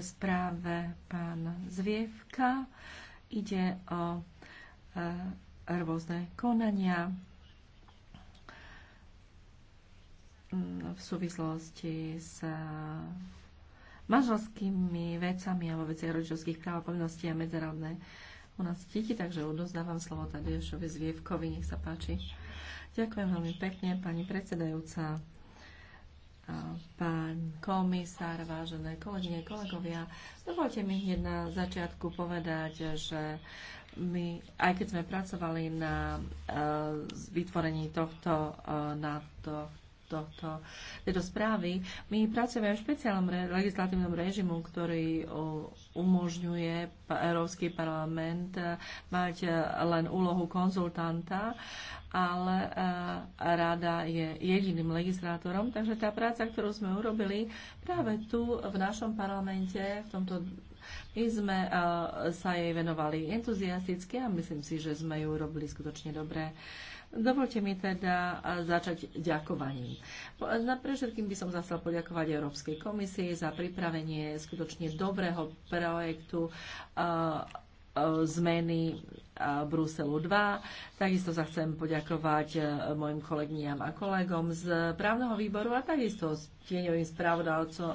správe pán Zvievka. Ide o e, rôzne konania mm, v súvislosti s e, manželskými vecami alebo veci rodičovských práv a povinností a medzerodné u nás deti, takže odozdávam slovo Tadeušovi Zvievkovi, nech sa páči. Ďakujem veľmi pekne, pani predsedajúca, pán komisár, vážené kolegyne, kolegovia. Dovolte mi hneď na začiatku povedať, že my, aj keď sme pracovali na uh, vytvorení tohto, uh, na to, tohto tejto správy. My pracujeme v špeciálnom re, legislatívnom režimu, ktorý umožňuje Európsky parlament e, mať e, len úlohu konzultanta, ale e, rada je jediným legislátorom, takže tá práca, ktorú sme urobili práve tu v našom parlamente, v tomto my sme uh, sa jej venovali entuziasticky a myslím si, že sme ju robili skutočne dobre. Dovolte mi teda začať ďakovaním. Na všetkým by som chcel poďakovať Európskej komisii za pripravenie skutočne dobrého projektu zmeny Bruselu 2. Takisto sa chcem poďakovať mojim kolegyňam a kolegom z právneho výboru a takisto s tieňovým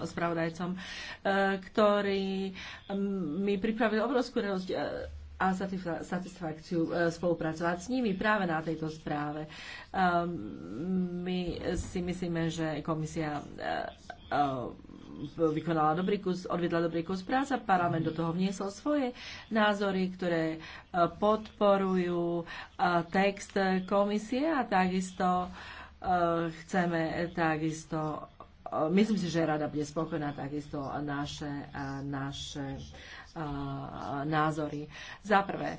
spravodajcom, ktorí mi pripravili obrovskú radosť a satisfakciu e, spolupracovať s nimi práve na tejto správe. Ehm, my si myslíme, že komisia e, e, vykonala dobrý kus, odvedla dobrý kus práce, parlament do toho vniesol svoje názory, ktoré podporujú text komisie a takisto chceme takisto myslím si, že rada bude spokojná takisto naše, naše názory. Za prvé,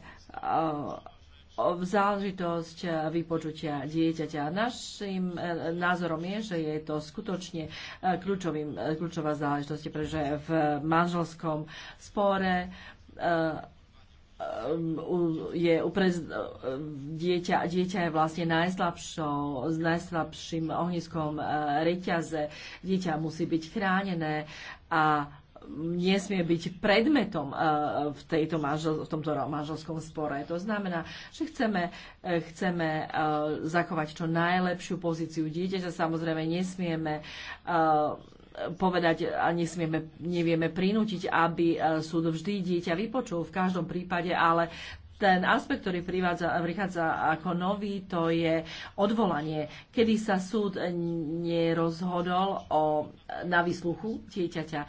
v záležitosť vypočutia dieťaťa. Našim e, názorom je, že je to skutočne e, kľúčovým, e, kľúčová záležitosť, pretože v manželskom spore je uprez, dieťa, dieťa je vlastne najslabšou, s najslabším ohniskom reťaze. Dieťa musí byť chránené a nesmie byť predmetom eh, v, tejto manžel, v tomto manželskom spore. To znamená, že chceme, eh, chceme eh, zachovať čo najlepšiu pozíciu dieťaťa. Samozrejme, nesmieme povedať a nesmieme, nevieme prinútiť, aby súd vždy dieťa vypočul v každom prípade, ale ten aspekt, ktorý privádza, prichádza ako nový, to je odvolanie, kedy sa súd nerozhodol o, na vysluchu dieťaťa.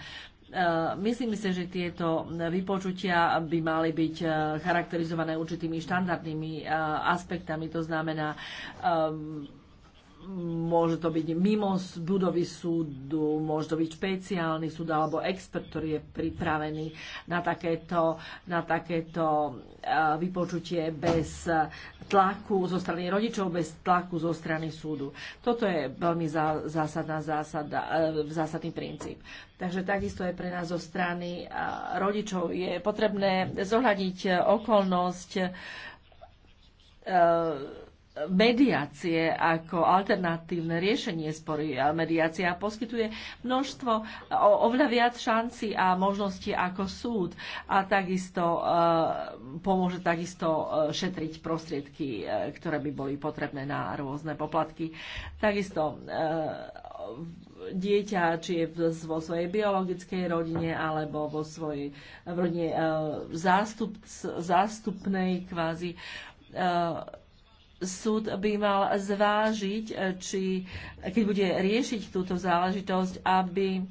E, Myslím si, že tieto vypočutia by mali byť e, charakterizované určitými štandardnými e, aspektami. To znamená um, môže to byť mimo budovy súdu, môže to byť špeciálny súd alebo expert, ktorý je pripravený na takéto, na takéto e, vypočutie bez tlaku zo strany rodičov, bez tlaku zo strany súdu. Toto je veľmi zásadná zásada, e, zásadný princíp. Takže takisto je pre nás zo strany e, rodičov je potrebné zohľadiť okolnosť mediácie ako alternatívne riešenie spory. Mediácia poskytuje množstvo, o, oveľa viac šanci a možností ako súd a takisto e, pomôže takisto e, šetriť prostriedky, e, ktoré by boli potrebné na rôzne poplatky. Takisto e, dieťa, či je vo svojej biologickej rodine alebo vo svojej rodine e, zástup, zástupnej kvázi e, súd by mal zvážiť, e, či, keď bude riešiť túto záležitosť, aby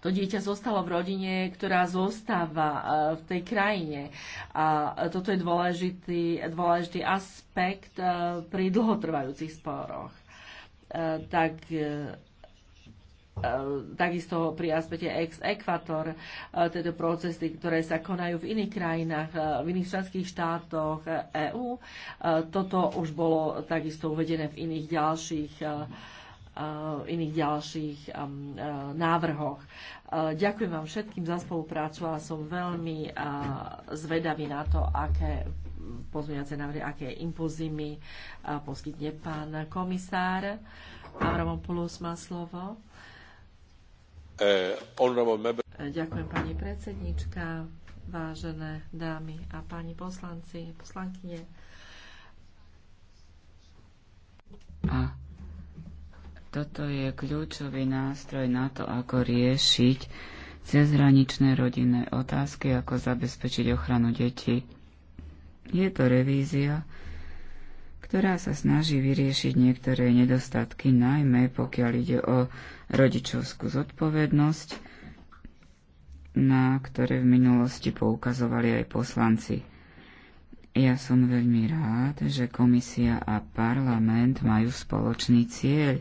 to dieťa zostalo v rodine, ktorá zostáva e, v tej krajine. A toto je dôležitý, dôležitý aspekt e, pri dlhotrvajúcich sporoch. Tak E, takisto pri aspekte ex ekvator, e, tieto procesy, ktoré sa konajú v iných krajinách, e, v iných členských štátoch EÚ. Toto už bolo takisto uvedené v iných ďalších iných ďalších návrhoch. Ďakujem vám všetkým za spoluprácu a som veľmi zvedavý na to, aké pozmeňovacie návrhy, aké impulzy mi poskytne pán komisár. Avramopoulos má slovo. Uh, Ďakujem pani predsednička, vážené dámy a páni poslanci, poslankyne. A toto je kľúčový nástroj na to, ako riešiť cezhraničné rodinné otázky, ako zabezpečiť ochranu detí. Je to revízia, ktorá sa snaží vyriešiť niektoré nedostatky, najmä pokiaľ ide o rodičovskú zodpovednosť, na ktoré v minulosti poukazovali aj poslanci. Ja som veľmi rád, že komisia a parlament majú spoločný cieľ,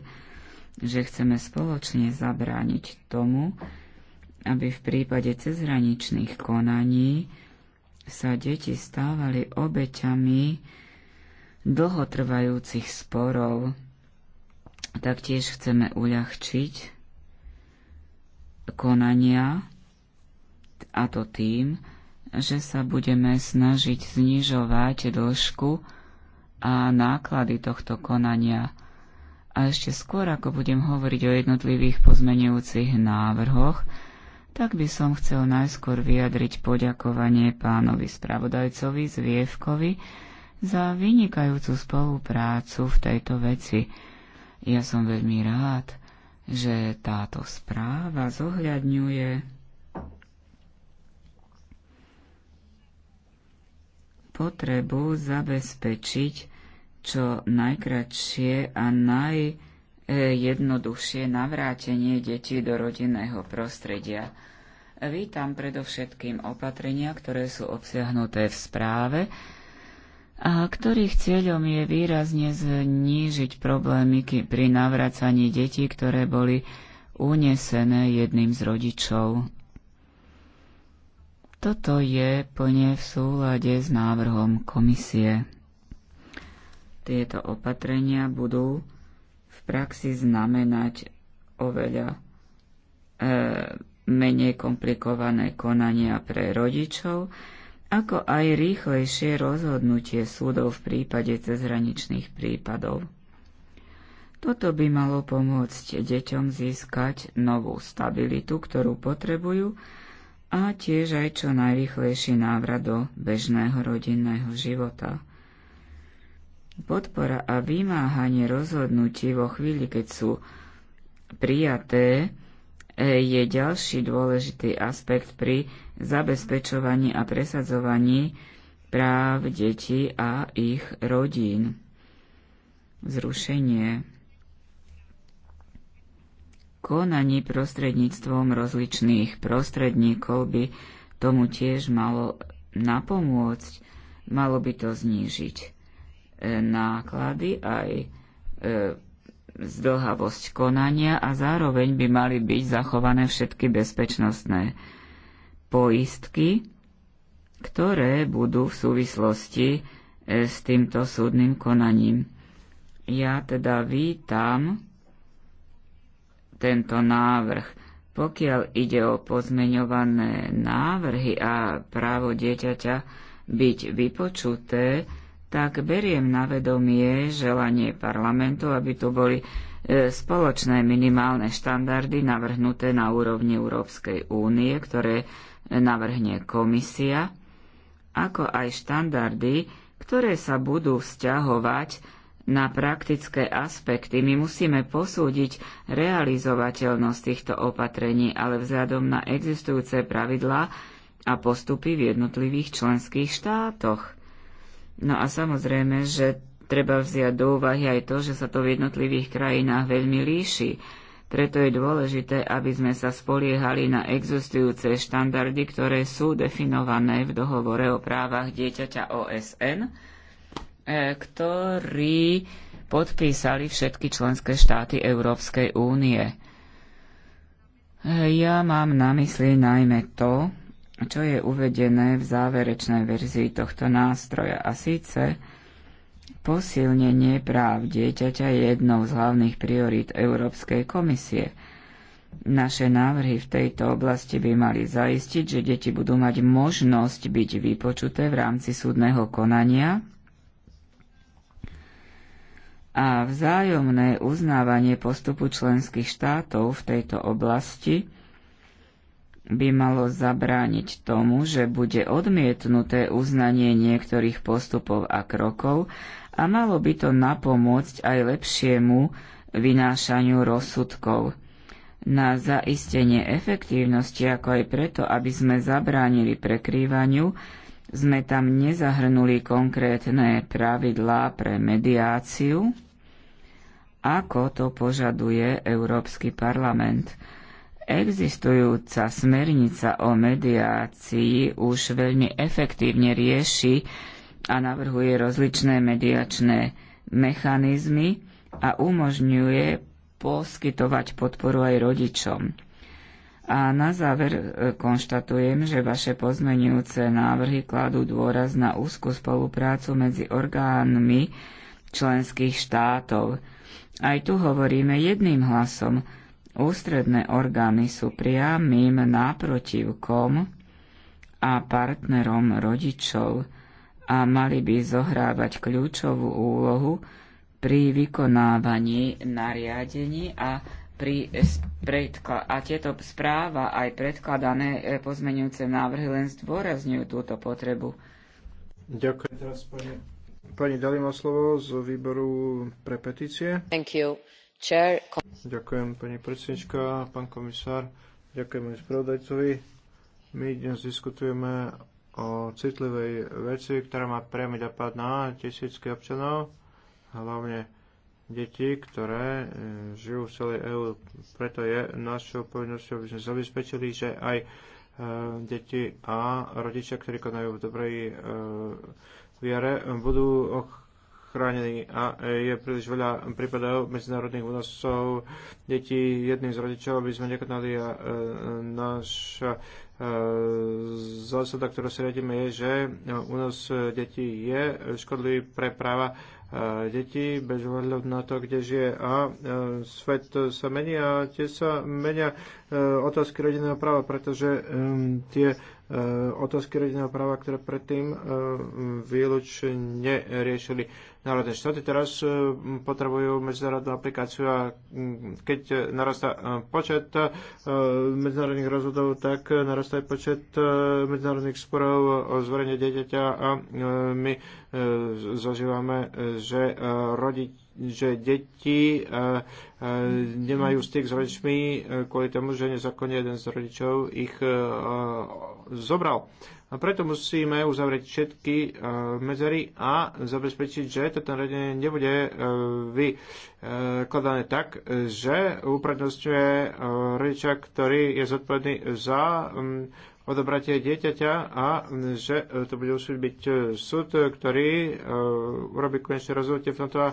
že chceme spoločne zabrániť tomu, aby v prípade cezhraničných konaní sa deti stávali obeťami dlhotrvajúcich sporov. Taktiež chceme uľahčiť konania, a to tým, že sa budeme snažiť znižovať dĺžku a náklady tohto konania. A ešte skôr, ako budem hovoriť o jednotlivých pozmenujúcich návrhoch, tak by som chcel najskôr vyjadriť poďakovanie pánovi spravodajcovi Zvievkovi, za vynikajúcu spoluprácu v tejto veci. Ja som veľmi rád, že táto správa zohľadňuje potrebu zabezpečiť čo najkračšie a najjednoduchšie navrátenie detí do rodinného prostredia. Vítam predovšetkým opatrenia, ktoré sú obsiahnuté v správe a ktorých cieľom je výrazne znížiť problémy pri navracaní detí, ktoré boli unesené jedným z rodičov. Toto je plne v súlade s návrhom komisie. Tieto opatrenia budú v praxi znamenať oveľa e, menej komplikované konania pre rodičov, ako aj rýchlejšie rozhodnutie súdov v prípade cezhraničných prípadov. Toto by malo pomôcť deťom získať novú stabilitu, ktorú potrebujú, a tiež aj čo najrychlejší návrat do bežného rodinného života. Podpora a vymáhanie rozhodnutí vo chvíli, keď sú prijaté, e, je ďalší dôležitý aspekt pri zabezpečovaní a presadzovaní práv detí a ich rodín. Zrušenie konaní prostredníctvom rozličných prostredníkov by tomu tiež malo napomôcť, malo by to znížiť e, náklady aj e, zdlhavosť konania a zároveň by mali byť zachované všetky bezpečnostné poistky, ktoré budú v súvislosti e, s týmto súdnym konaním. Ja teda vítam tento návrh. Pokiaľ ide o pozmeňované návrhy a právo dieťaťa byť vypočuté, tak beriem na vedomie želanie parlamentu, aby tu boli e, spoločné minimálne štandardy navrhnuté na úrovni Európskej únie, ktoré navrhne komisia, ako aj štandardy, ktoré sa budú vzťahovať na praktické aspekty. My musíme posúdiť realizovateľnosť týchto opatrení, ale vzhľadom na existujúce pravidlá a postupy v jednotlivých členských štátoch. No a samozrejme, že treba vziať do úvahy aj to, že sa to v jednotlivých krajinách veľmi líši preto je dôležité, aby sme sa spoliehali na existujúce štandardy, ktoré sú definované v dohovore o právach dieťaťa OSN, e, ktorý podpísali všetky členské štáty Európskej únie. E, ja mám na mysli najmä to, čo je uvedené v záverečnej verzii tohto nástroja, a síce Posilnenie práv dieťaťa je jednou z hlavných priorít Európskej komisie. Naše návrhy v tejto oblasti by mali zaistiť, že deti budú mať možnosť byť vypočuté v rámci súdneho konania a vzájomné uznávanie postupu členských štátov v tejto oblasti by malo zabrániť tomu, že bude odmietnuté uznanie niektorých postupov a krokov, a malo by to napomôcť aj lepšiemu vynášaniu rozsudkov. Na zaistenie efektívnosti, ako aj preto, aby sme zabránili prekrývaniu, sme tam nezahrnuli konkrétne pravidlá pre mediáciu, ako to požaduje Európsky parlament. Existujúca smernica o mediácii už veľmi efektívne rieši a navrhuje rozličné mediačné mechanizmy a umožňuje poskytovať podporu aj rodičom. A na záver e, konštatujem, že vaše pozmenujúce návrhy kladú dôraz na úzku spoluprácu medzi orgánmi členských štátov. Aj tu hovoríme jedným hlasom. Ústredné orgány sú priamým náprotivkom a partnerom rodičov a mali by zohrávať kľúčovú úlohu pri vykonávaní nariadení a pri a tieto správa aj predkladané e, pozmenujúce návrhy len zdôrazňujú túto potrebu. Ďakujem teraz pani, pani Dalima slovo z výboru pre petície. Thank you. Chair. Ďakujem pani predsednička, pán komisár, ďakujem aj spravodajcovi. My dnes diskutujeme o citlivej veci, ktorá má priamy dopad na tisícky občanov, hlavne deti, ktoré e, žijú v celej EÚ. Preto je našou povinnosťou, aby sme zabezpečili, že aj e, deti a rodičia, ktorí konajú v dobrej e, viere, budú ochránení. a je príliš veľa prípadov medzinárodných únosov detí jedným z rodičov, aby sme nekonali a náš Ehm, zásada, ktorú si radíme, je, že únos e, e, detí je škodlivý pre práva e, detí bez ohľadu na to, kde žije. A svet sa mení a tie sa menia otázky rodinného práva, pretože ehm, tie otázky rodinného práva, ktoré predtým výlučne riešili národné štáty teraz e, potrebujú medzinárodnú aplikáciu a keď e, narastá e, počet medzinárodných rozhodov, tak narastá aj počet medzinárodných sporov o zverejne dieťaťa a my zažívame, že, e, rodič, že deti e, e, nemajú styk s rodičmi kvôli tomu, že nezákonne jeden z rodičov ich zobral. A preto musíme uzavrieť všetky medzery a zabezpečiť, že toto nariadenie nebude vykladané tak, že uprednostňuje rodiča, ktorý je zodpovedný za odobratie dieťaťa a že e, to bude musieť byť e, súd, ktorý e, urobí konečné rozhodnutie v tomto a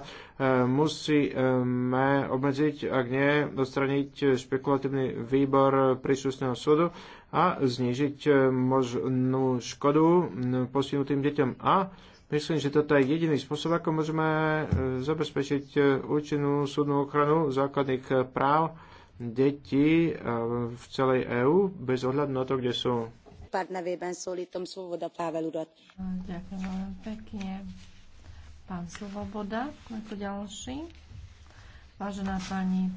musíme obmedziť, ak nie, dostraniť špekulatívny výbor príslušného súdu a znižiť možnú škodu postihnutým deťom. A myslím, že toto je jediný spôsob, ako môžeme zabezpečiť účinnú súdnu ochranu základných práv deti eh, v celej EÚ, bez ohľadu na to, kde sú. Párt szólítom Svoboda Pável urat. No, ďakujem veľmi pekne. Pán Svoboda, ako ďalší. Vážená pani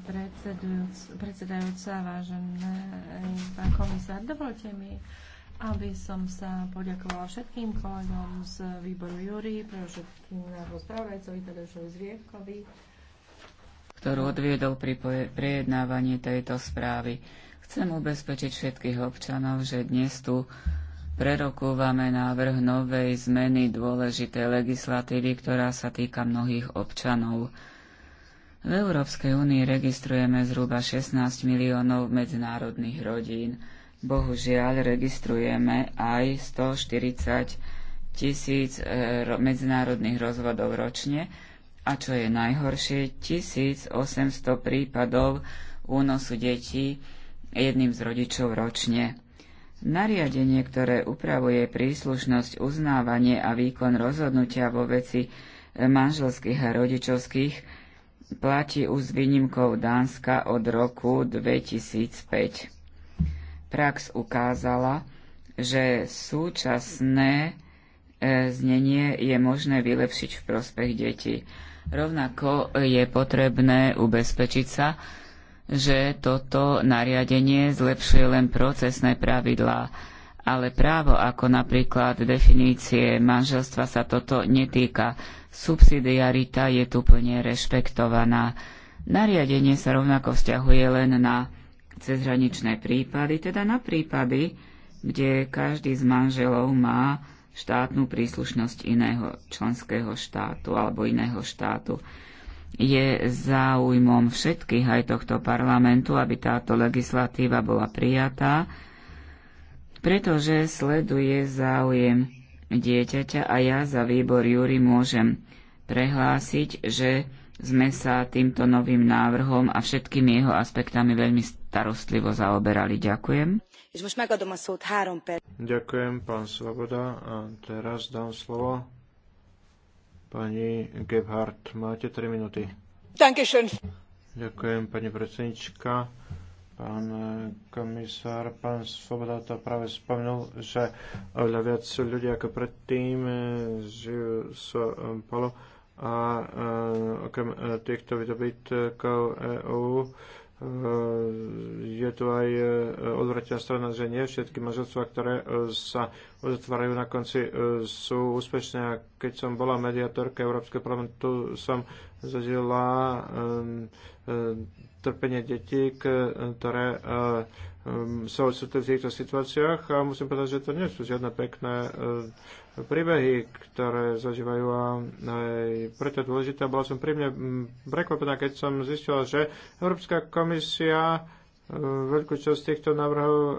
predsedajúca, vážený pán komisár, dovolte mi aby som sa poďakovala všetkým kolegom z výboru Júri, pre všetkým nášho spravodajcovi, Tadeušovi Zvievkovi, ktorú odviedol pri prejednávaní tejto správy. Chcem ubezpečiť všetkých občanov, že dnes tu prerokúvame návrh novej zmeny dôležitej legislatívy, ktorá sa týka mnohých občanov. V Európskej únii registrujeme zhruba 16 miliónov medzinárodných rodín. Bohužiaľ, registrujeme aj 140 tisíc eh, medzinárodných rozvodov ročne, a čo je najhoršie, 1800 prípadov únosu detí jedným z rodičov ročne. Nariadenie, ktoré upravuje príslušnosť, uznávanie a výkon rozhodnutia vo veci manželských a rodičovských, platí už s výnimkou Dánska od roku 2005. Prax ukázala, že súčasné e, znenie je možné vylepšiť v prospech detí. Rovnako je potrebné ubezpečiť sa, že toto nariadenie zlepšuje len procesné pravidlá, ale právo ako napríklad definície manželstva sa toto netýka. Subsidiarita je tu plne rešpektovaná. Nariadenie sa rovnako vzťahuje len na cezhraničné prípady, teda na prípady, kde každý z manželov má štátnu príslušnosť iného členského štátu alebo iného štátu. Je záujmom všetkých aj tohto parlamentu, aby táto legislatíva bola prijatá, pretože sleduje záujem dieťaťa a ja za výbor Júri môžem prehlásiť, že sme sa týmto novým návrhom a všetkými jeho aspektami veľmi starostlivo zaoberali. Ďakujem. És most megadom a szót három perc. Ďakujem, pán Svoboda. A teraz dám slovo pani Gebhardt. Máte 3 minúty. Dankeschön. Ďakujem, pani predsednička. Pán komisár, pán Svoboda to práve spomenul, že oveľa viac ľudí ako predtým eh, žijú z polo a eh, okrem eh, týchto vydobytkov EÚ Eh, je tu aj eh, odvratená strana, že nie všetky manželstva, ktoré eh, sa uzatvárajú na konci, sú úspešné. A keď som bola mediatorka Európskeho parlamentu, som zažila ehm, trpenie detí, ktoré sa odsúte ehm, v týchto situáciách a musím povedať, že to nie sú žiadne pekné príbehy, ktoré zažívajú a preto je dôležité. Bola som príjemne prekvapená, keď som zistila, že Európska komisia e, veľkú časť týchto návrhov, e,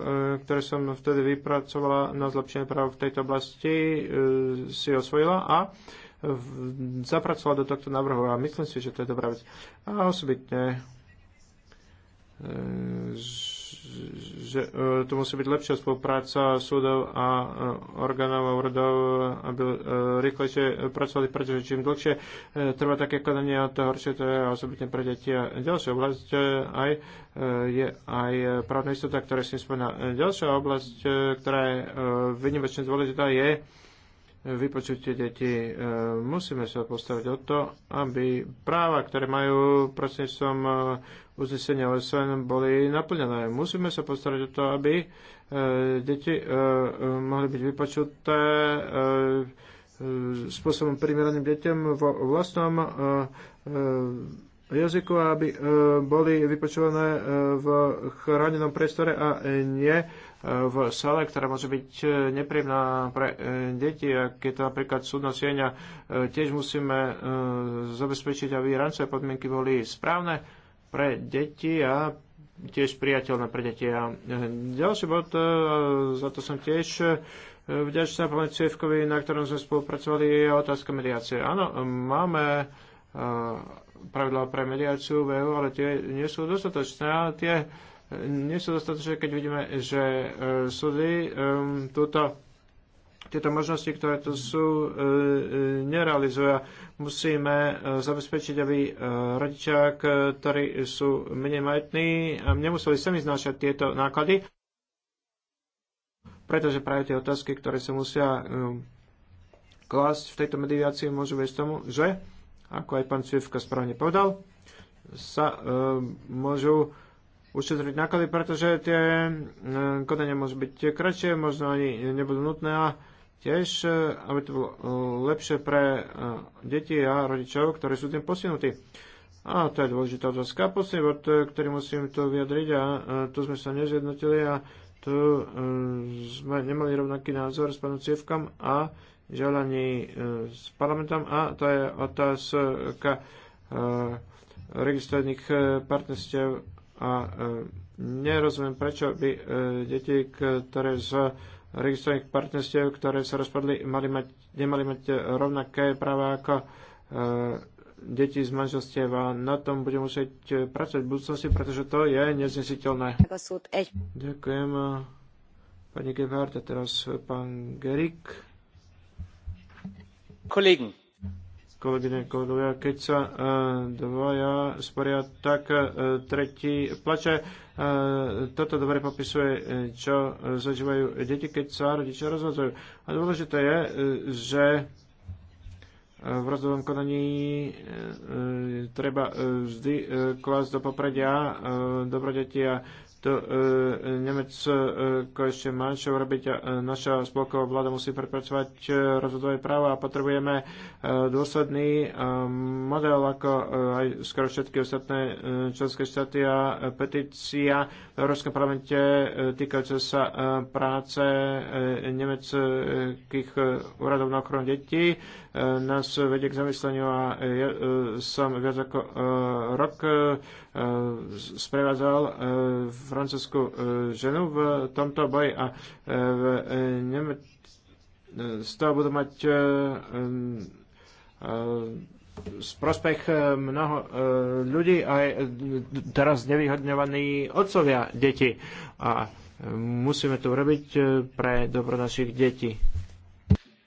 ktoré som vtedy vypracovala na zlepšenie práv v tejto oblasti, e, si osvojila a zapracovala do tohto návrhu a myslím si, že to je dobrá vec. A osobitne že e, tu musí byť lepšia spolupráca súdov a e, orgánov a úradov, aby e, rýchlejšie pracovali, pretože čím dlhšie trvá také konanie, to horšie to je osobitne pre deti. A ďalšia oblasť aj, je aj právna istota, ktorá si spomína. Ďalšia oblasť, ktorá je vynimočne dôležitá, je vypočutie detí. Musíme sa postaviť o to, aby práva, ktoré majú prostredníctvom uznesenia OSN boli naplnené. Musíme sa postarať o to, aby e, deti e, e, mohli byť vypočuté spôsobom primeraným deťom vo vlastnom jazyku, aby boli vypočované v chránenom priestore a nie v sale, ktorá môže byť nepríjemná pre deti. A keď to napríklad súdna sieňa, tiež musíme zabezpečiť, aby rancové podmienky boli správne pre deti a tiež priateľná pre deti. A eh, ďalší bod, eh, za to som tiež eh, vďačná pani Cievkovi, na ktorom sme spolupracovali, je otázka mediácie. Áno, máme pravidla pre mediáciu v EU, ale tie nie sú dostatočné a tie nie sú dostatočné, keď vidíme, že súdy túto tieto možnosti, ktoré tu sú, e, e, nerealizujú, Musíme e, zabezpečiť, aby rodičia, ktorí sú menej majetní, nemuseli sami znášať tieto náklady, pretože práve tie otázky, ktoré sa musia klásť v tejto mediácii, môžu viesť tomu, že, ako aj pán Cvivka správne povedal, sa môžu ušetriť náklady, pretože tie konania môžu byť kratšie, možno ani nebudú nutné a tiež, e, aby to bolo e, lepšie pre e, deti a rodičov, ktorí sú tým posunutí. A to je dôležitá otázka. Posledný bod, ktorý musím to vyjadriť a tu sme sa nezjednotili a tu sme nemali rovnaký názor s pánom Cievkom a želaní s parlamentom a to je otázka registrovaných partnerstiev a nerozumiem, prečo by deti, ktoré z registrovaných partnerstiev, ktoré sa rozpadli, mali mať, nemali mať e, rovnaké práva ako e, deti z manželstiev a na tom budeme musieť e, pracovať v budúcnosti, pretože to je neznesiteľné. Ďakujem e, pani Gebhardt a teraz pán Gerik. Kolegen kolegyne, kolegovia, keď sa uh, dvoja sporia, tak uh, tretí plače. Uh, toto dobre popisuje, čo uh, zažívajú deti, keď sa rodičia rozhodujú. A dôležité je, uh, že uh, v rozhodovom konaní uh, treba uh, vždy uh, klásť do popredia dobro deti a to e, Nemecko e, ešte manšie urobiť a e, naša spolková vláda musí prepracovať e, rozhodové práva a potrebujeme e, dôsledný e, model ako e, aj skoro všetky ostatné e, členské štáty a e, petícia v Európskom parlamente e, týkajúce sa e, práce e, nemeckých e, úradov na ochranu detí e, nás vedie k zamysleniu a ja e, som viac ako e, rok e, sprevádzal francúzsku ženu v tomto boji a v Neme- z toho budú mať z prospech mnoho ľudí aj teraz nevyhodňovaní otcovia deti. A musíme to urobiť pre dobro našich detí.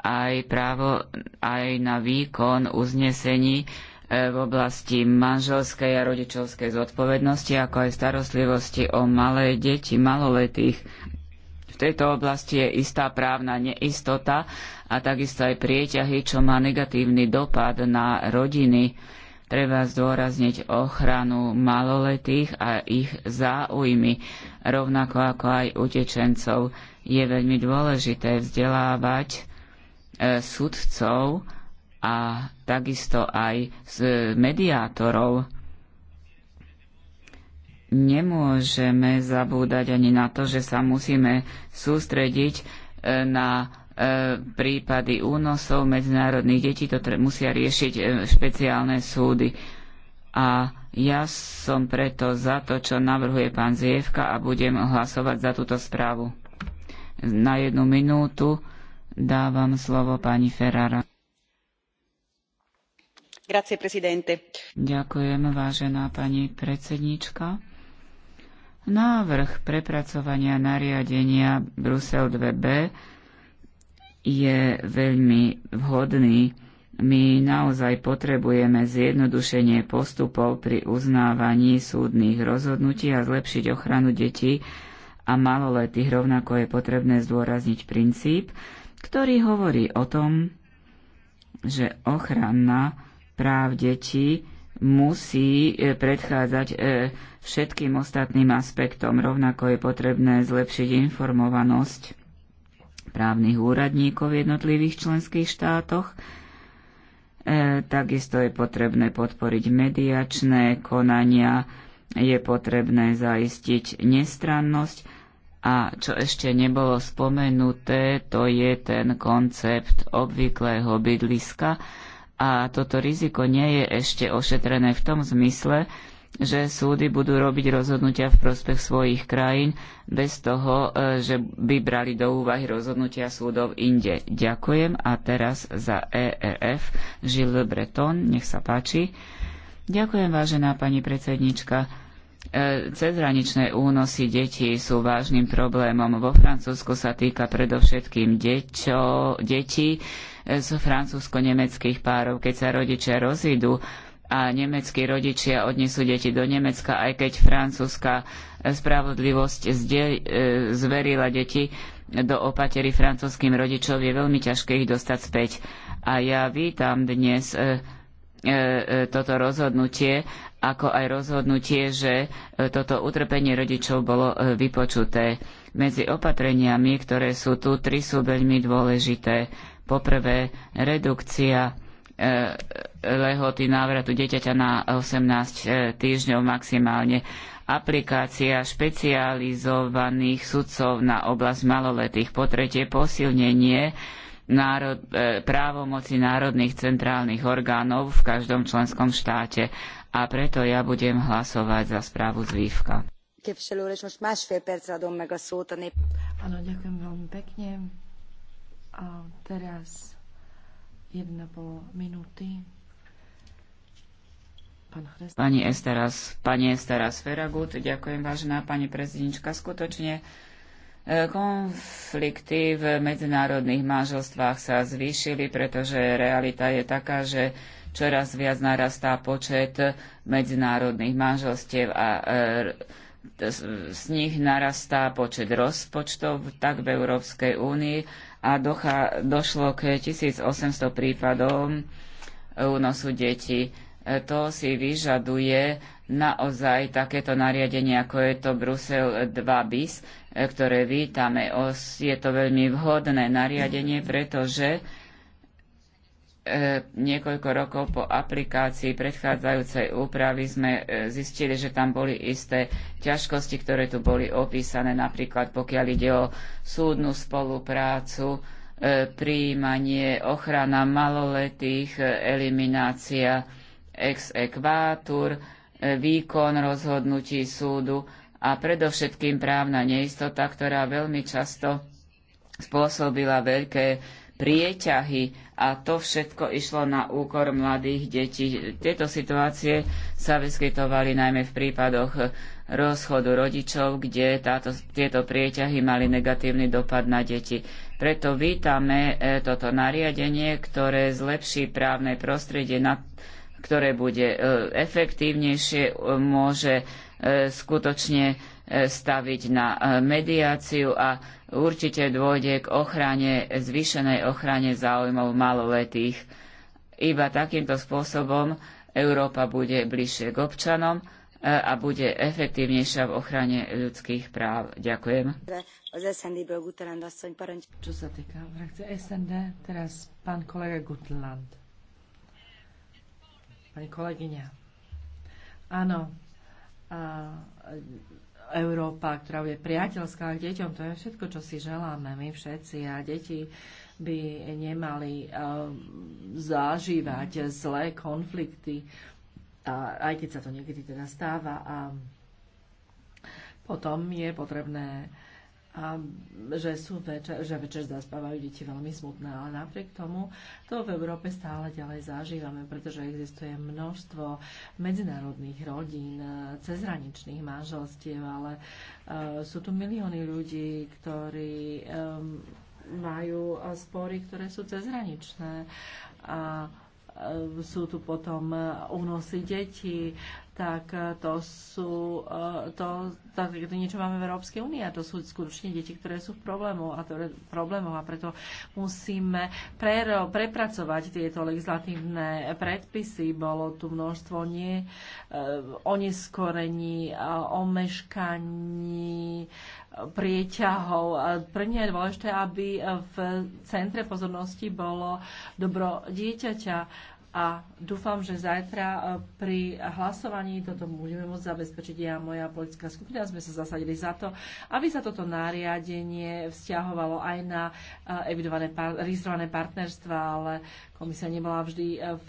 aj právo aj na výkon uznesení e, v oblasti manželskej a rodičovskej zodpovednosti, ako aj starostlivosti o malé deti, maloletých. V tejto oblasti je istá právna neistota a takisto aj prieťahy, čo má negatívny dopad na rodiny. Treba zdôrazniť ochranu maloletých a ich záujmy, rovnako ako aj utečencov. Je veľmi dôležité vzdelávať E, sudcov a takisto aj z e, mediátorov. Nemôžeme zabúdať ani na to, že sa musíme sústrediť e, na prípady únosov medzinárodných detí. To musia riešiť špeciálne súdy. A ja som preto za to, čo navrhuje pán Zievka a budem hlasovať za túto správu. Na jednu minútu Dávam slovo pani Ferrara. Grazie, presidente. Ďakujem, vážená pani predsednička. Návrh prepracovania nariadenia Brusel 2b je veľmi vhodný. My naozaj potrebujeme zjednodušenie postupov pri uznávaní súdnych rozhodnutí a zlepšiť ochranu detí a maloletých. Rovnako je potrebné zdôrazniť princíp, ktorý hovorí o tom, že ochrana práv detí musí e, predchádzať e, všetkým ostatným aspektom. Rovnako je potrebné zlepšiť informovanosť právnych úradníkov v jednotlivých členských štátoch. E, takisto je potrebné podporiť mediačné konania, je potrebné zaistiť nestrannosť a čo ešte nebolo spomenuté, to je ten koncept obvyklého bydliska. A toto riziko nie je ešte ošetrené v tom zmysle, že súdy budú robiť rozhodnutia v prospech svojich krajín bez toho, e, že by brali do úvahy rozhodnutia súdov inde. Ďakujem a teraz za ERF Gilles Breton, nech sa páči. Ďakujem, vážená pani predsednička. E, cezhraničné únosy detí sú vážnym problémom. Vo Francúzsku sa týka predovšetkým dečo, detí z francúzsko-nemeckých párov. Keď sa rodičia rozídu a nemeckí rodičia odnesú deti do Nemecka, aj keď francúzska spravodlivosť zde, e, zverila deti do opatery francúzským rodičov, je veľmi ťažké ich dostať späť. A ja vítam dnes e, E, e, toto rozhodnutie, ako aj rozhodnutie, že e, toto utrpenie rodičov bolo vypočuté. Medzi opatreniami, ktoré sú tu, tri sú veľmi dôležité. Poprvé, redukcia lehoty návratu dieťaťa na 18 týždňov maximálne. Aplikácia špecializovaných sudcov na oblasť maloletých. Po tretie, posilnenie národ, e, právomoci národných centrálnych orgánov v každom členskom štáte a preto ja budem hlasovať za správu z Vývka. Áno, ďakujem veľmi pekne. A teraz 1,5 minúty. Pani Esteras, pani Esteras Feragut, ďakujem vážená pani prezidnička, skutočne Konflikty v medzinárodných manželstvách sa zvýšili, pretože realita je taká, že čoraz viac narastá počet medzinárodných manželstiev a z e, nich narastá počet rozpočtov tak v Európskej únii a docha, došlo k 1800 prípadom únosu detí. E, to si vyžaduje naozaj takéto nariadenie, ako je to Brusel 2 bis, e, ktoré vítame. Je to veľmi vhodné nariadenie, pretože e, niekoľko rokov po aplikácii predchádzajúcej úpravy sme e, zistili, že tam boli isté ťažkosti, ktoré tu boli opísané, napríklad pokiaľ ide o súdnu spoluprácu, príjmanie, ochrana maloletých, eliminácia ex equátur, výkon rozhodnutí súdu a predovšetkým právna neistota, ktorá veľmi často spôsobila veľké prieťahy a to všetko išlo na úkor mladých detí. Tieto situácie sa vyskytovali najmä v prípadoch rozchodu rodičov, kde táto, tieto prieťahy mali negatívny dopad na deti. Preto vítame e, toto nariadenie, ktoré zlepší právne prostredie na ktoré bude e, efektívnejšie, e, môže e, skutočne staviť na mediáciu a určite dôjde k ochrane, zvýšenej ochrane záujmov maloletých. Iba takýmto spôsobom Európa bude bližšie k občanom a bude efektívnejšia v ochrane ľudských práv. Ďakujem. Čo sa týka frakcie SND, teraz pán kolega Gutland pani kolegyňa. Áno, a Európa, ktorá bude priateľská k deťom, to je všetko, čo si želáme my všetci a deti by nemali uh, zažívať zlé konflikty, a, aj keď sa to niekedy teda stáva. A potom je potrebné uh, a že, sú večer, že večer zaspávajú deti veľmi smutné, ale napriek tomu to v Európe stále ďalej zažívame, pretože existuje množstvo medzinárodných rodín, e, cezhraničných manželstiev, ale uh, sú tu milióny ľudí, ktorí um, majú spory, ktoré sú cezhraničné a uh, E, sú tu potom únosy e, detí, tak e, to sú, to, tak, to niečo máme v Európskej únii a to sú skutočne deti, ktoré sú v problémoch a, ktoré, problémoch a preto musíme pre, prepracovať tieto legislatívne predpisy. Bolo tu množstvo nie, oneskorení, omeškaní, prieťahov. Pre mňa je dôležité, aby v centre pozornosti bolo dobro dieťaťa a dúfam, že zajtra eh, pri hlasovaní toto budeme môcť zabezpečiť. Ja a moja politická skupina sme sa zasadili za to, aby sa toto nariadenie vzťahovalo aj na eh, evidované, registrované partnerstva, ale komisia nebola vždy eh, v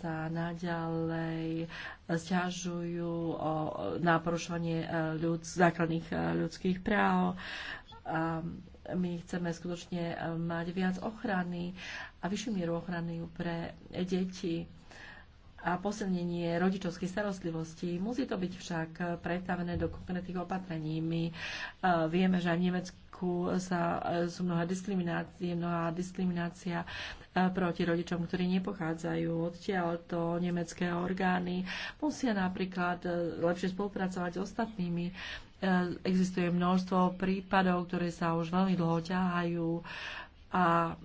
sa naďalej zťažujú na porušovanie e, ľud, základných e, ľudských práv. A my chceme skutočne e, mať viac ochrany a vyššiu mieru ochrany pre deti a posilnenie rodičovskej starostlivosti. Musí to byť však pretavené do konkrétnych opatrení. My vieme, že aj v Nemecku sa, sú mnoha diskriminácie, mnohá diskriminácia E, proti rodičom, ktorí nepochádzajú odtiaľ. To nemecké orgány musia napríklad e, lepšie spolupracovať s ostatnými e, existuje množstvo prípadov, ktoré sa už veľmi dlho ťahajú a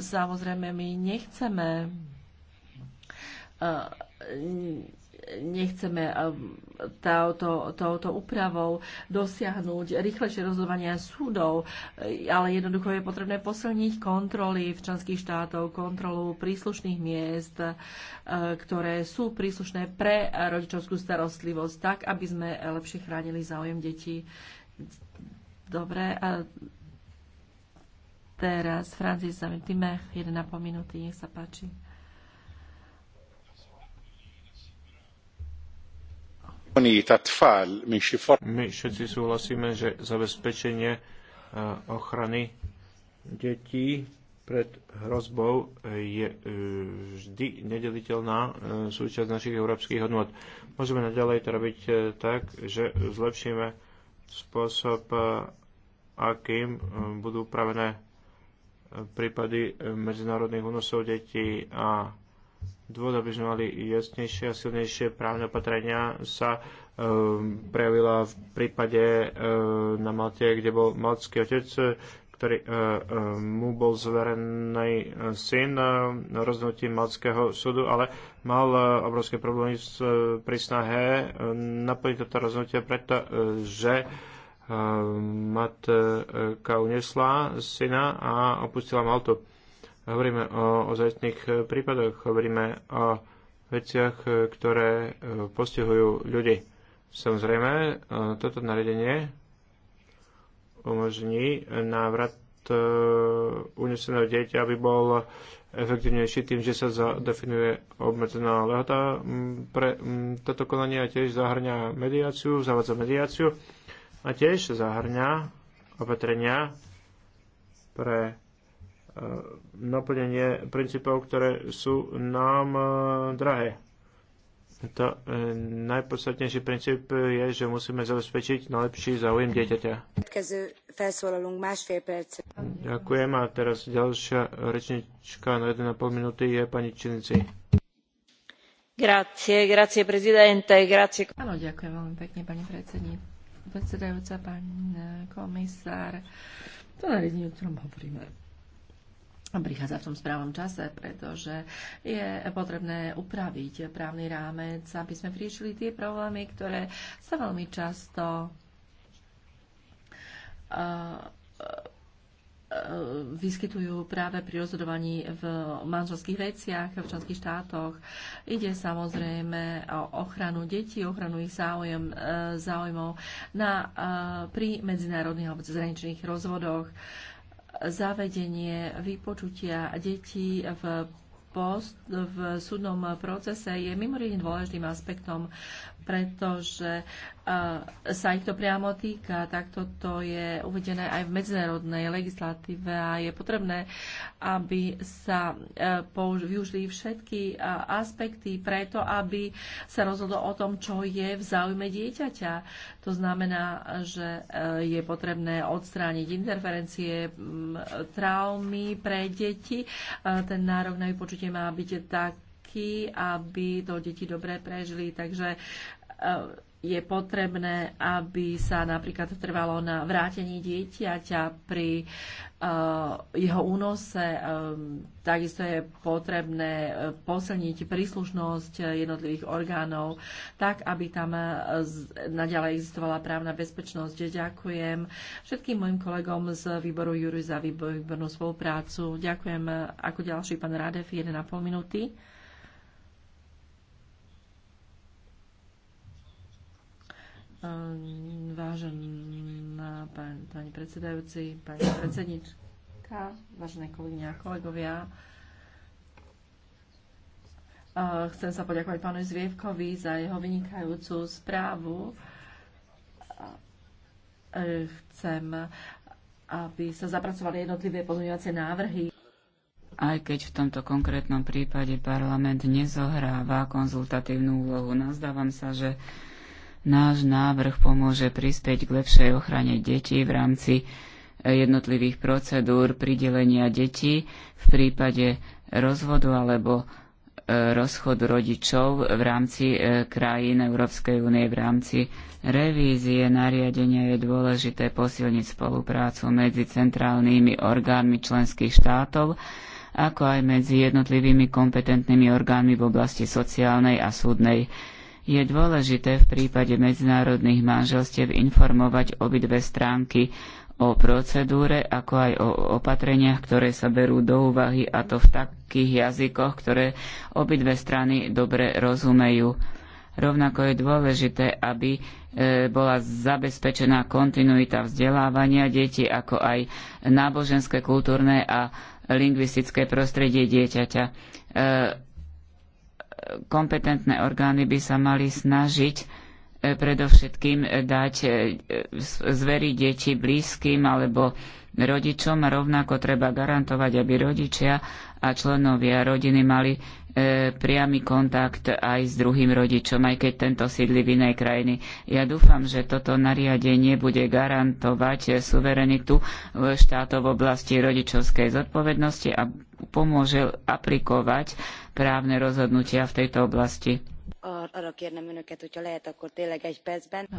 samozrejme my nechceme nechceme eh, touto, touto úpravou dosiahnuť rýchlejšie rozhodovania súdov, eh, ale jednoducho je potrebné posilniť kontroly v členských štátov, kontrolu príslušných miest, eh, ktoré sú príslušné pre rodičovskú starostlivosť, tak, aby sme lepšie chránili záujem detí. Dobre, a teraz Francis jeden 1,5 minúty, nech sa páči. My všetci súhlasíme, že zabezpečenie e, ochrany detí pred hrozbou je e, vždy nedeliteľná e, súčasť našich európskych hodnot. Môžeme naďalej to robiť tak, že zlepšíme spôsob, akým budú upravené prípady medzinárodných únosov detí a dôvod, aby sme mali jasnejšie a silnejšie právne opatrenia, sa um, prejavila v prípade um, na Malte, kde bol maltský otec, ktorý uh, uh, mu bol zverený e, syn uh, rozhodnutím Malckého súdu, ale mal uh, obrovské problémy s, uh, pri snahe uh, naplniť toto rozhodnutie, pretože uh, matka unesla syna a opustila Maltu Hovoríme o ozajstných prípadoch, hovoríme o veciach, ktoré e, postihujú ľudí. Samozrejme, e, toto nariadenie umožní návrat e, uneseného dieťa, aby bol efektívnejší tým, že sa zadefinuje obmedzená lehota. Pre toto konanie tiež zahrňa mediáciu, zavádza mediáciu a tiež zahrňa opatrenia pre naplnenie princípov, ktoré sú nám e, drahé. To e, najpodstatnejší princíp je, že musíme zabezpečiť najlepší záujem dieťaťa. Ďakujem a teraz ďalšia rečnička na 1,5 minúty je pani Činici. Grazie, grazie prezidente, grazie. Áno, ďakujem veľmi pekne, pani predsedníčka predsedajúca, pán e, komisár. To na nariadenie, o ktorom hovoríme, prichádza v tom správnom čase, pretože je potrebné upraviť právny rámec, aby sme riešili tie problémy, ktoré sa veľmi často eh, eh, vyskytujú práve pri rozhodovaní v manželských veciach v členských štátoch. Ide samozrejme o ochranu detí, ochranu ich záujem, eh, záujmov na, pri medzinárodných alebo zraničných rozvodoch zavedenie vypočutia detí v post v súdnom procese je mimoriadne dôležitým aspektom, pretože E, sa ich to priamo týka, tak toto je uvedené aj v medzinárodnej legislatíve a je potrebné, aby sa e, využili všetky e, aspekty preto, aby sa rozhodlo o tom, čo je v záujme dieťaťa. To znamená, že je potrebné odstrániť interferencie, traumy pre deti. Ten nárok na vypočutie má byť tak aby to deti dobre prežili. Takže je potrebné, aby sa napríklad trvalo na vrátení dieťaťa pri eh, jeho únose. Eh, takisto je potrebné eh, posilniť príslušnosť jednotlivých orgánov, tak aby tam naďalej existovala právna bezpečnosť. Ďakujem všetkým mojim kolegom z výboru Jury za výbornú spoluprácu. Ďakujem ako ďalší pán Radev, 1,5 minúty. Ehm, vážená pán, pani predsedajúci, pani predsednička, vážené kolegyne a kolegovia, ehm, chcem sa poďakovať pánu Zvievkovi za jeho vynikajúcu správu. Ehm, chcem, aby sa zapracovali jednotlivé pozmeňovacie návrhy aj keď v tomto konkrétnom prípade parlament nezohráva konzultatívnu úlohu. Nazdávam sa, že Náš návrh pomôže prispieť k lepšej ochrane detí v rámci e, jednotlivých procedúr pridelenia detí v prípade rozvodu alebo e, rozchodu rodičov v rámci e, krajín Európskej únie v rámci revízie nariadenia je dôležité posilniť spoluprácu medzi centrálnymi orgánmi členských štátov, ako aj medzi jednotlivými kompetentnými orgánmi v oblasti sociálnej a súdnej je dôležité v prípade medzinárodných manželstiev informovať obidve stránky o procedúre, ako aj o opatreniach, ktoré sa berú do úvahy, a to v takých jazykoch, ktoré obidve strany dobre rozumejú. Rovnako je dôležité, aby e, bola zabezpečená kontinuita vzdelávania detí, ako aj náboženské, kultúrne a lingvistické prostredie dieťaťa. E, kompetentné orgány by sa mali snažiť e, predovšetkým e, dať, e, zveriť deti blízkym alebo rodičom a rovnako treba garantovať, aby rodičia a členovia rodiny mali e, priamy kontakt aj s druhým rodičom, aj keď tento sídli v inej krajiny. Ja dúfam, že toto nariadenie bude garantovať suverenitu štátov v oblasti rodičovskej zodpovednosti a pomôže aplikovať právne rozhodnutia v tejto oblasti. No,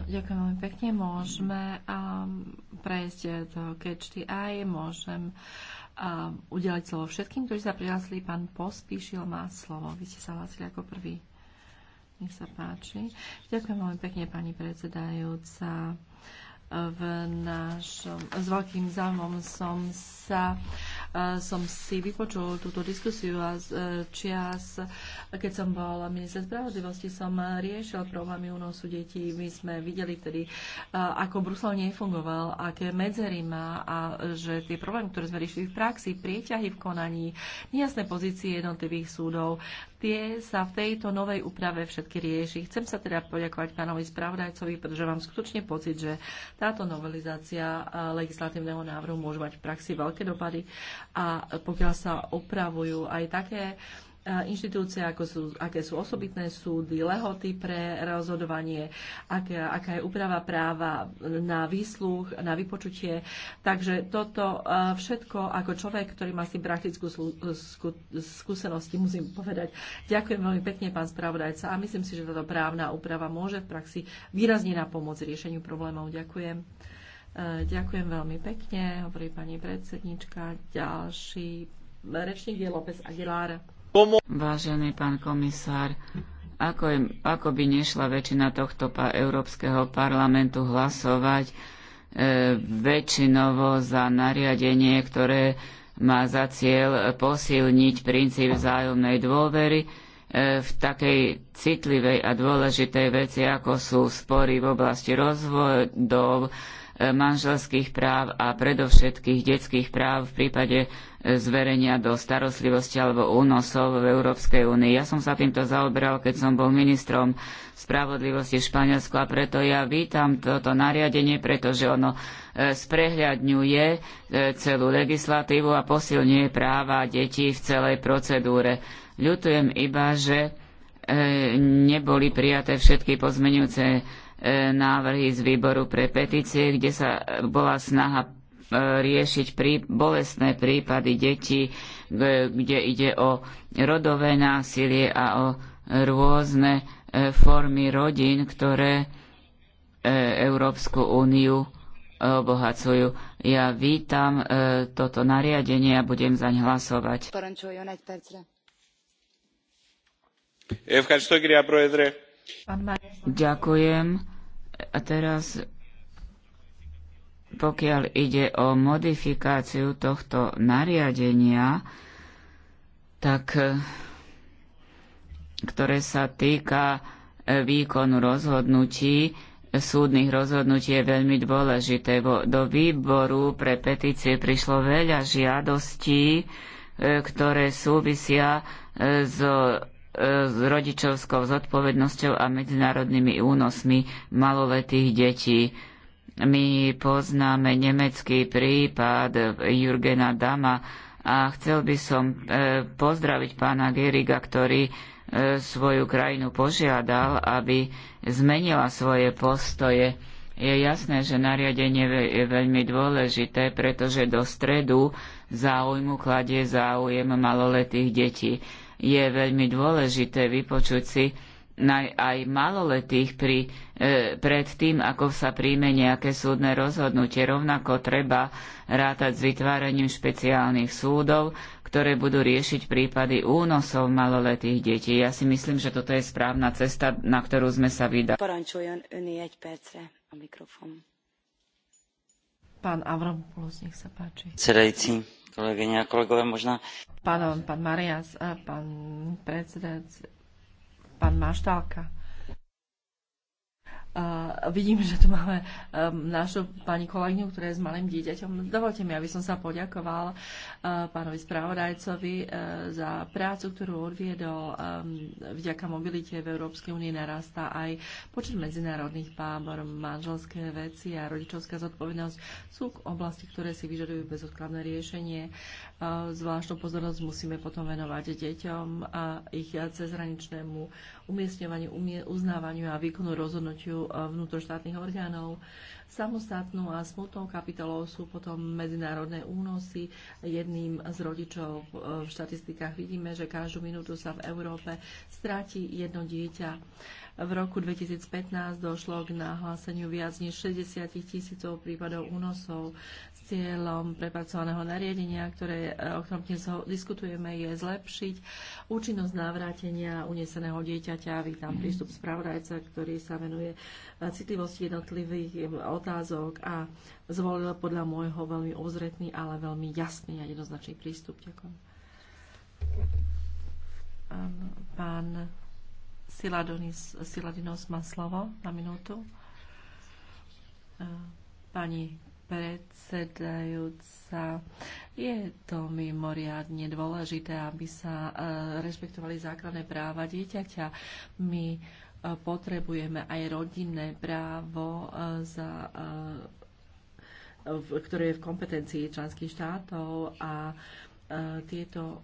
ďakujem veľmi pekne. Môžeme um, prejsť do Catch the Eye. Môžem uh, a udeliť slovo všetkým, ktorí sa prihlásili. Pán Pospíšil má slovo. Vy ste sa hlásili ako prvý. Nech sa páči. Ďakujem veľmi pekne, pani predsedajúca. V našom, s veľkým záujmom som sa uh, som si vypočul túto diskusiu a e, čias, keď som bol minister spravodlivosti, som riešil problémy únosu detí. My sme videli vtedy, e, ako Brusel nefungoval, aké medzery má a že tie problémy, ktoré sme riešili v praxi, prieťahy v konaní, nejasné pozície jednotlivých súdov, tie sa v tejto novej úprave všetky rieši. Chcem sa teda poďakovať pánovi spravodajcovi, pretože mám skutočne pocit, že táto novelizácia eh, legislatívneho návrhu môže mať v praxi veľké dopady a pokiaľ sa opravujú aj také inštitúcie, ako sú, aké sú osobitné súdy, lehoty pre rozhodovanie, aká, aká je úprava práva na výsluch, na vypočutie. Takže toto e, všetko ako človek, ktorý má si praktickú skúsenosti, musím povedať. Ďakujem veľmi pekne, pán spravodajca, a myslím si, že táto právna úprava môže v praxi výrazne napomôcť riešeniu problémov. Ďakujem. E, ďakujem veľmi pekne, hovorí pani predsednička. Ďalší rečník je López Aguilar. Vážený pán komisár, ako, je, ako by nešla väčšina tohto pa, Európskeho parlamentu hlasovať e, väčšinovo za nariadenie, ktoré má za cieľ posilniť princíp vzájomnej dôvery e, v takej citlivej a dôležitej veci, ako sú spory v oblasti rozvodov, manželských práv a predovšetkých detských práv v prípade e, zverenia do starostlivosti alebo únosov v Európskej únii. Ja som sa týmto zaoberal, keď som bol ministrom spravodlivosti v Španielsku a preto ja vítam toto nariadenie, pretože ono e, sprehľadňuje e, celú legislatívu a posilňuje práva detí v celej procedúre. Ľutujem iba, že neboli prijaté všetky pozmenujúce E, návrhy z výboru pre petície, kde sa bola snaha e, riešiť prí, bolestné prípady detí, e, kde ide o rodové násilie a o rôzne formy rodín, ktoré Európsku úniu obohacujú. Ja vítam toto nariadenie a budem zaň hlasovať. Ďakujem. A teraz, pokiaľ ide o modifikáciu tohto nariadenia, tak e, ktoré sa týka e, výkonu rozhodnutí, súdnych rozhodnutí je veľmi dôležité. Do výboru pre petície prišlo veľa žiadostí, e, ktoré súvisia s so s rodičovskou zodpovednosťou a medzinárodnými únosmi maloletých detí. My poznáme nemecký prípad Jurgena Dama a chcel by som e, pozdraviť pána Geriga, ktorý e, svoju krajinu požiadal, aby zmenila svoje postoje. Je jasné, že nariadenie je veľmi dôležité, pretože do stredu záujmu kladie záujem maloletých detí je veľmi dôležité vypočuť si aj maloletých pri, e, pred tým, ako sa príjme nejaké súdne rozhodnutie. Rovnako treba rátať s vytváraním špeciálnych súdov, ktoré budú riešiť prípady únosov maloletých detí. Ja si myslím, že toto je správna cesta, na ktorú sme sa vydali. Pán Avram, nech sa páči. Cerejci, kolegyne a kolegové, možná... Pardon, pán Marias, pán predsedec, pán Maštálka. A vidím, že tu máme um, našu pani kolegyňu, ktorá je s malým dieťaťom. Dovolte mi, aby som sa poďakoval uh, pánovi spravodajcovi uh, za prácu, ktorú odviedol. Um, vďaka mobilite v Európskej únii narastá aj počet medzinárodných pábor, manželské veci a rodičovská zodpovednosť sú k oblasti, ktoré si vyžadujú bezodkladné riešenie. Uh, zvláštnu pozornosť musíme potom venovať deťom a ich cezhraničnému umiestňovaniu, uznávaniu a výkonu rozhodnutiu E, vnútroštátnych orgánov. Samostatnou a smutnou kapitolou sú potom medzinárodné únosy. Jedným z rodičov e, v štatistikách vidíme, že každú minútu sa v Európe stráti jedno dieťa v roku 2015 došlo k nahláseniu viac než 60 tisícov prípadov únosov s cieľom prepracovaného nariadenia, ktoré, o ktorom dnes diskutujeme, je zlepšiť účinnosť navrátenia uneseného dieťaťa. Vítam prístup spravodajca, ktorý sa venuje citlivosti jednotlivých otázok a zvolil podľa môjho veľmi obzretný, ale veľmi jasný a jednoznačný prístup. Ďakujem. Pán Siladinos, má slovo na minútu. E, pani predsedajúca, je to mimoriadne dôležité, aby sa e, rešpektovali základné práva dieťaťa. My e, potrebujeme aj rodinné právo, za, ktoré je v kompetencii členských štátov a tieto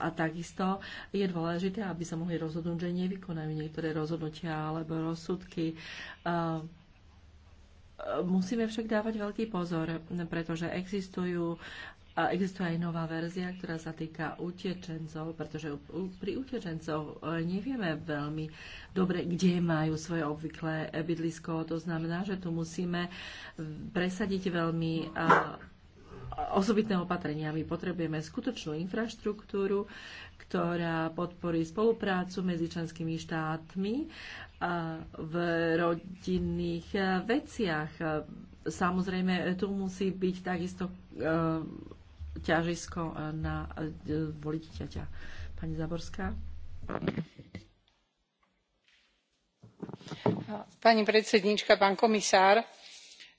a takisto je dôležité, aby sa mohli rozhodnúť, že nevykonajú niektoré rozhodnutia alebo rozsudky. Musíme však dávať veľký pozor, pretože existujú a existuje aj nová verzia, ktorá sa týka utečencov, pretože pri utečencov e, nevieme veľmi dobre, kde majú svoje obvyklé bydlisko. To znamená, že tu musíme presadiť veľmi osobitné opatrenia. My potrebujeme skutočnú infraštruktúru, ktorá podporí spoluprácu medzi členskými štátmi v rodinných e, veciach. Samozrejme, tu musí byť takisto e, ťažisko na e, voli dieťaťa. Pani Zaborská. Pani predsednička, pán komisár,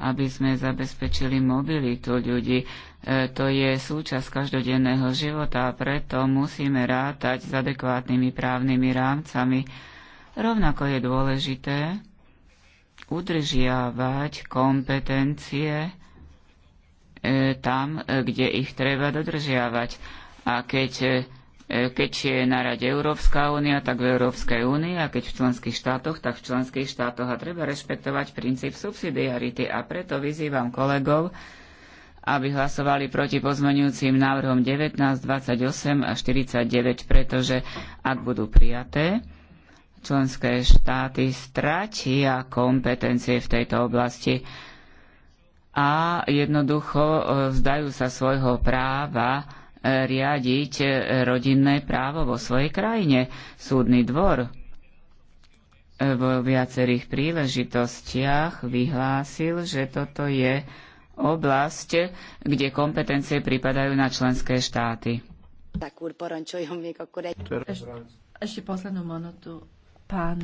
aby sme zabezpečili mobilitu ľudí. E, to je súčasť každodenného života a preto musíme rátať s adekvátnymi právnymi rámcami. Rovnako je dôležité udržiavať kompetencie e, tam, e, kde ich treba dodržiavať. A keď e, E, keď je na rade Európska únia, tak v Európskej únii a keď v členských štátoch, tak v členských štátoch a treba rešpektovať princíp subsidiarity a preto vyzývam kolegov, aby hlasovali proti pozmenujúcim návrhom 19, 28 a 49, pretože ak budú prijaté, členské štáty stratia kompetencie v tejto oblasti a jednoducho e, vzdajú sa svojho práva riadiť e, rodinné právo vo svojej krajine. Súdny dvor e, vo viacerých príležitostiach vyhlásil, že toto je oblasť, kde kompetencie pripadajú na členské štáty. Ešte poslednú monotu. Pán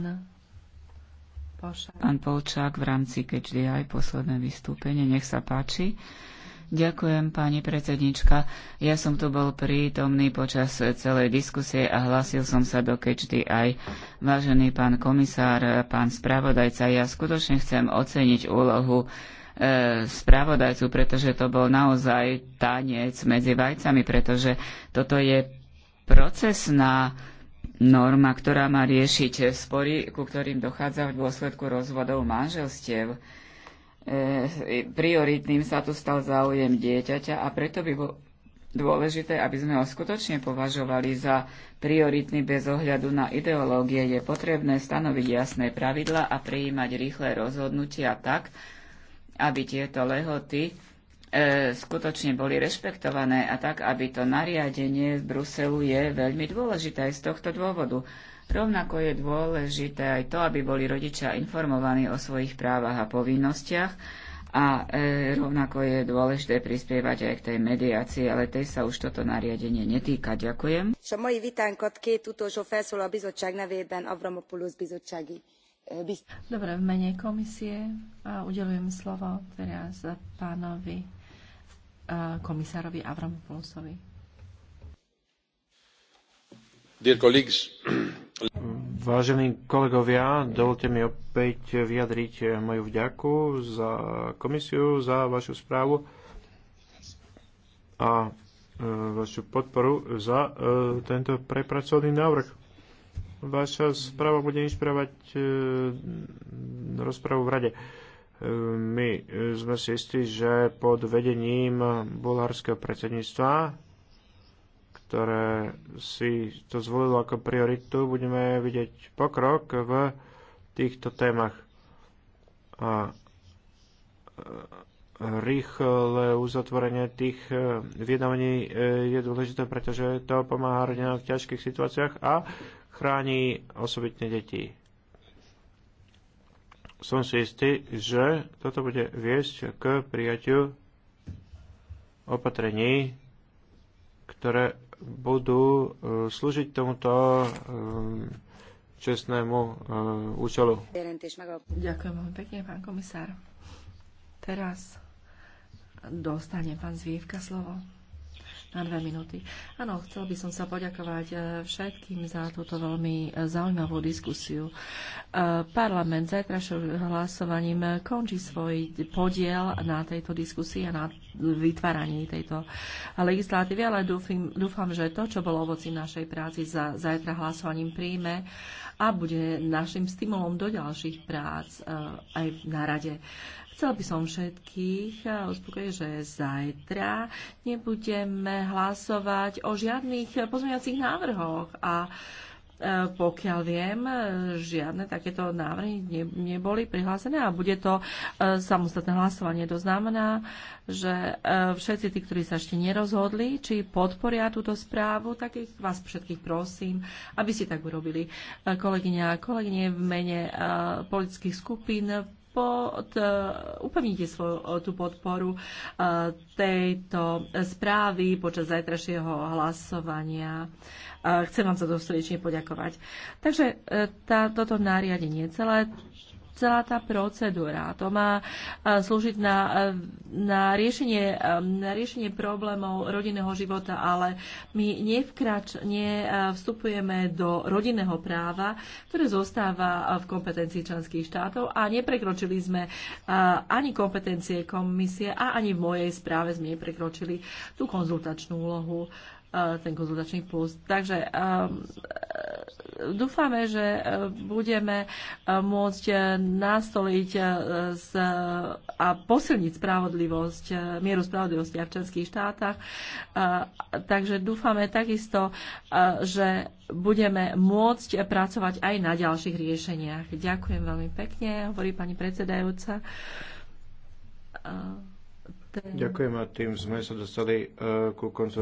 Polčák. Pán Polčák v rámci aj posledné vystúpenie. Nech sa páči. Ďakujem, pani predsednička. Ja som tu bol prítomný počas celej diskusie a hlásil som sa do kečty aj vážený pán komisár, pán spravodajca. Ja skutočne chcem oceniť úlohu e, spravodajcu, pretože to bol naozaj tanec medzi vajcami, pretože toto je procesná norma, ktorá má riešiť spory, ku ktorým dochádza v dôsledku rozvodov manželstiev. E, prioritným sa tu stal záujem dieťaťa a preto by bol dôležité, aby sme ho skutočne považovali za prioritný bez ohľadu na ideológie. Je potrebné stanoviť jasné pravidla a prijímať rýchle rozhodnutia tak, aby tieto lehoty e, skutočne boli rešpektované a tak, aby to nariadenie z Bruselu je veľmi dôležité aj z tohto dôvodu. Rovnako je dôležité aj to, aby boli rodičia informovaní o svojich právach a povinnostiach a e, rovnako je dôležité prispievať aj k tej mediácii, ale tej sa už toto nariadenie netýka. Ďakujem. Čo moji mai vitánkat két utolsó felszóló a bizottság nevében Avramopoulos bizottsági e, Dobre, v mene komisie a udelujem slovo teraz pánovi e, komisárovi Avramopoulosovi. Vážení kolegovia, dovolte mi opäť vyjadriť moju vďaku za komisiu, za vašu správu a e, vašu podporu za e, tento prepracovaný návrh. Vaša správa bude inšpirovať e, rozpravu v Rade. My sme si istí, že pod vedením bulharského predsedníctva ktoré si to zvolilo ako prioritu, budeme vidieť pokrok v týchto témach. A e, rýchle uzatvorenie tých e, vyjednávaní e, je dôležité, pretože to pomáha rodinám v ťažkých situáciách a chráni osobitne deti. Som si istý, že toto bude viesť k prijatiu opatrení, ktoré budú e, slúžiť tomuto e, čestnému e, účelu. Ďakujem veľmi pekne, pán komisár. Teraz dostane pán Zvievka slovo na dve minúty. Áno, chcel by som sa poďakovať eh, všetkým za túto veľmi eh, zaujímavú diskusiu. Eh, parlament zajtrašou hlasovaním končí svoj podiel na tejto diskusii a na vytváraní tejto legislatívy, ale dúfim, dúfam, že to, čo bolo ovocím našej práci za zajtra hlasovaním príjme a bude našim stimulom do ďalších prác aj na rade. Chcela by som všetkých uspokojiť, že zajtra nebudeme hlasovať o žiadnych pozmeňovacích návrhoch a e, pokiaľ viem, žiadne takéto návrhy ne, neboli prihlásené a bude to e, samostatné hlasovanie. To znamená, že e, všetci tí, ktorí sa ešte nerozhodli, či podporia túto správu, tak ich, vás všetkých prosím, aby ste tak urobili. Kolegyňa a kolegyne v mene politických skupín pod, e, upevníte svoju e, tú podporu e, tejto správy počas zajtrašieho hlasovania. Chcem vám za to srdečne poďakovať. Takže tá, toto nariadenie celé celá tá procedúra. To má e, slúžiť na, e, na, riešenie, e, na riešenie problémov rodinného života, ale my nevkrač, nevstupujeme do rodinného práva, ktoré zostáva v kompetencii členských štátov a neprekročili sme ani kompetencie komisie a ani v mojej správe sme neprekročili tú konzultačnú úlohu ten konzultačný plus. Takže e, dúfame, že e, budeme e, môcť nastoliť a posilniť spravodlivosť, mieru spravodlivosti v členských štátach. Takže dúfame takisto, že budeme môcť pracovať aj na ďalších riešeniach. Ďakujem veľmi pekne, hovorí pani predsedajúca. Ten... Ďakujem a tým sme sa dostali ku koncu